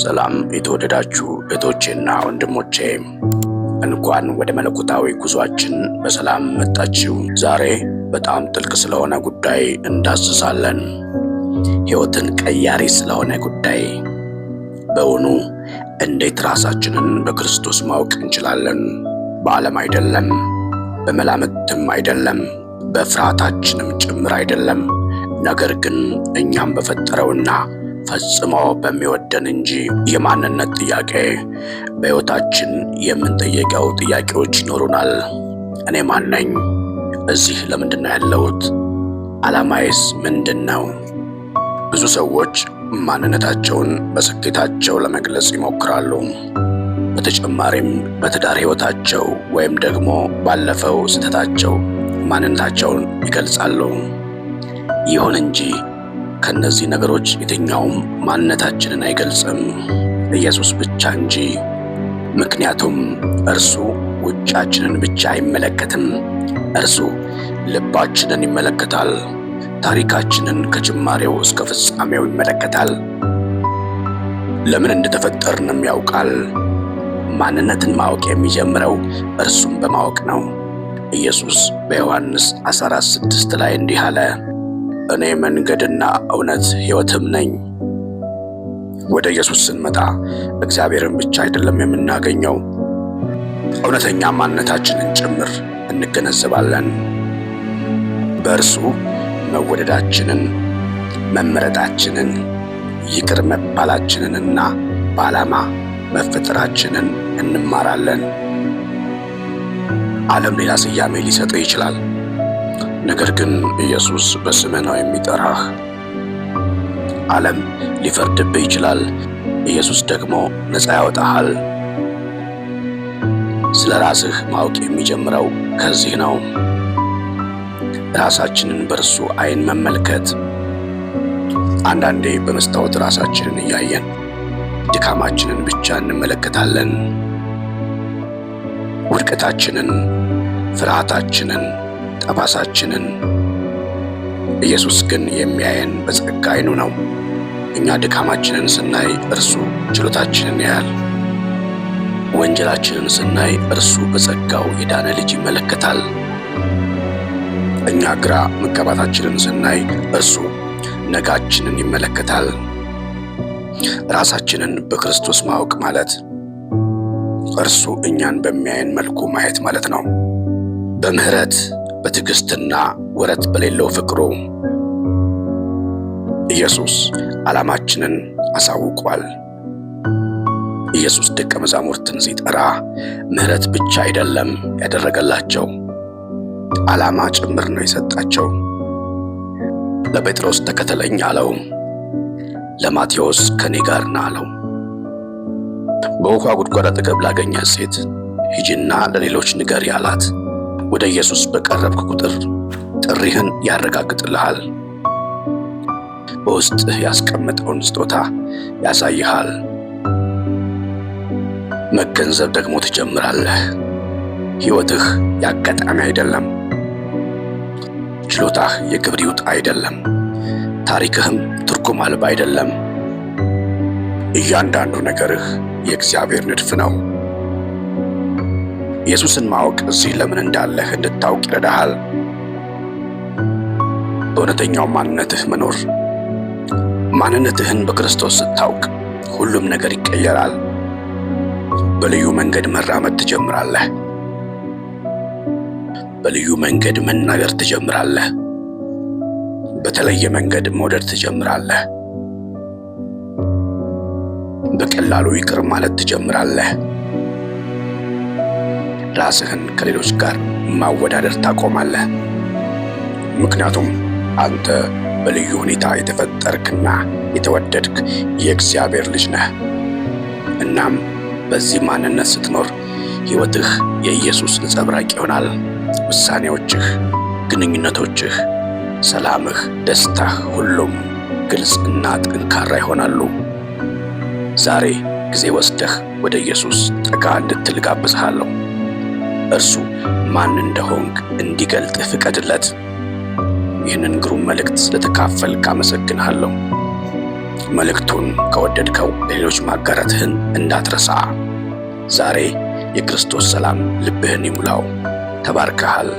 ሰላም የተወደዳችሁ እህቶቼና ወንድሞቼ እንኳን ወደ መለኮታዊ ጉዟችን በሰላም መጣችሁ። ዛሬ በጣም ጥልቅ ስለሆነ ጉዳይ እንዳስሳለን። ሕይወትን ቀያሪ ስለሆነ ጉዳይ። በውኑ እንዴት ራሳችንን በክርስቶስ ማወቅ እንችላለን? በዓለም አይደለም፣ በመላምትም አይደለም፣ በፍርሃታችንም ጭምር አይደለም። ነገር ግን እኛም በፈጠረውና ፈጽሞ በሚወደን እንጂ የማንነት ጥያቄ በሕይወታችን የምንጠየቀው ጥያቄዎች ይኖሩናል። እኔ ማን ነኝ? እዚህ ለምንድን ነው ያለሁት? ዓላማዬስ ምንድን ነው? ብዙ ሰዎች ማንነታቸውን በስኬታቸው ለመግለጽ ይሞክራሉ። በተጨማሪም በትዳር ሕይወታቸው ወይም ደግሞ ባለፈው ስህተታቸው ማንነታቸውን ይገልጻሉ። ይሁን እንጂ ከእነዚህ ነገሮች የትኛውም ማንነታችንን አይገልጽም ኢየሱስ ብቻ እንጂ። ምክንያቱም እርሱ ውጫችንን ብቻ አይመለከትም፣ እርሱ ልባችንን ይመለከታል። ታሪካችንን ከጅማሬው እስከ ፍጻሜው ይመለከታል። ለምን እንደተፈጠርንም ያውቃል። ማንነትን ማወቅ የሚጀምረው እርሱን በማወቅ ነው። ኢየሱስ በዮሐንስ 14:6 ላይ እንዲህ አለ እኔ መንገድና እውነት ሕይወትም ነኝ። ወደ ኢየሱስ ስንመጣ እግዚአብሔርን ብቻ አይደለም የምናገኘው፣ እውነተኛ ማንነታችንን ጭምር እንገነዘባለን። በእርሱ መወደዳችንን፣ መመረጣችንን፣ ይቅር መባላችንንና በዓላማ መፈጠራችንን እንማራለን። ዓለም ሌላ ስያሜ ሊሰጠው ይችላል። ነገር ግን ኢየሱስ በስምህ ነው የሚጠራህ። ዓለም ሊፈርድብህ ይችላል፣ ኢየሱስ ደግሞ ነፃ ያወጣሃል። ስለ ራስህ ማወቅ የሚጀምረው ከዚህ ነው። ራሳችንን በእርሱ ዓይን መመልከት። አንዳንዴ በመስታወት ራሳችንን እያየን ድካማችንን ብቻ እንመለከታለን፣ ውድቀታችንን፣ ፍርሃታችንን ጠባሳችንን። ኢየሱስ ግን የሚያየን በጸጋ ዓይኑ ነው። እኛ ድካማችንን ስናይ እርሱ ችሎታችንን ያያል። ወንጀላችንን ስናይ እርሱ በጸጋው የዳነ ልጅ ይመለከታል። እኛ ግራ መጋባታችንን ስናይ እርሱ ነጋችንን ይመለከታል። ራሳችንን በክርስቶስ ማወቅ ማለት እርሱ እኛን በሚያየን መልኩ ማየት ማለት ነው። በምህረት በትዕግሥትና ወረት በሌለው ፍቅሩ ኢየሱስ ዓላማችንን አሳውቋል። ኢየሱስ ደቀ መዛሙርትን ሲጠራ ምሕረት ብቻ አይደለም ያደረገላቸው፣ ዓላማ ጭምር ነው የሰጣቸው። ለጴጥሮስ ተከተለኝ አለው። ለማቴዎስ ከኔ ጋር ና አለው። በውኃ ጉድጓድ አጠገብ ላገኛት ሴት ሂጂና ለሌሎች ንገሪ አላት። ወደ ኢየሱስ በቀረብክ ቁጥር ጥሪህን ያረጋግጥልሃል። በውስጥህ ያስቀመጠውን ስጦታ ያሳይሃል። መገንዘብ ደግሞ ትጀምራለህ። ሕይወትህ ያጋጣሚ አይደለም። ችሎታህ የግብር ይውጥ አይደለም። ታሪክህም ትርጉም አልባ አይደለም። እያንዳንዱ ነገርህ የእግዚአብሔር ንድፍ ነው። ኢየሱስን ማወቅ እዚህ ለምን እንዳለህ እንድታውቅ ይረዳሃል። በእውነተኛው ማንነትህ መኖር። ማንነትህን በክርስቶስ ስታውቅ ሁሉም ነገር ይቀየራል። በልዩ መንገድ መራመድ ትጀምራለህ። በልዩ መንገድ መናገር ትጀምራለህ። በተለየ መንገድ መውደድ ትጀምራለህ። በቀላሉ ይቅር ማለት ትጀምራለህ። ራስህን ከሌሎች ጋር ማወዳደር ታቆማለህ። ምክንያቱም አንተ በልዩ ሁኔታ የተፈጠርክና የተወደድክ የእግዚአብሔር ልጅ ነህ። እናም በዚህ ማንነት ስትኖር ሕይወትህ የኢየሱስ ነጸብራቅ ይሆናል። ውሳኔዎችህ፣ ግንኙነቶችህ፣ ሰላምህ፣ ደስታህ፣ ሁሉም ግልጽ እና ጠንካራ ይሆናሉ። ዛሬ ጊዜ ወስደህ ወደ ኢየሱስ ጠጋ እንድትል ጋብዝሃለሁ። እርሱ ማን እንደሆንክ እንዲገልጥ ፍቀድለት። ይህንን ግሩም መልእክት ስለተካፈልክ አመሰግንሃለሁ። መልእክቱን ከወደድከው ለሌሎች ማጋራትህን እንዳትረሳ። ዛሬ የክርስቶስ ሰላም ልብህን ይሙላው። ተባርከሃል።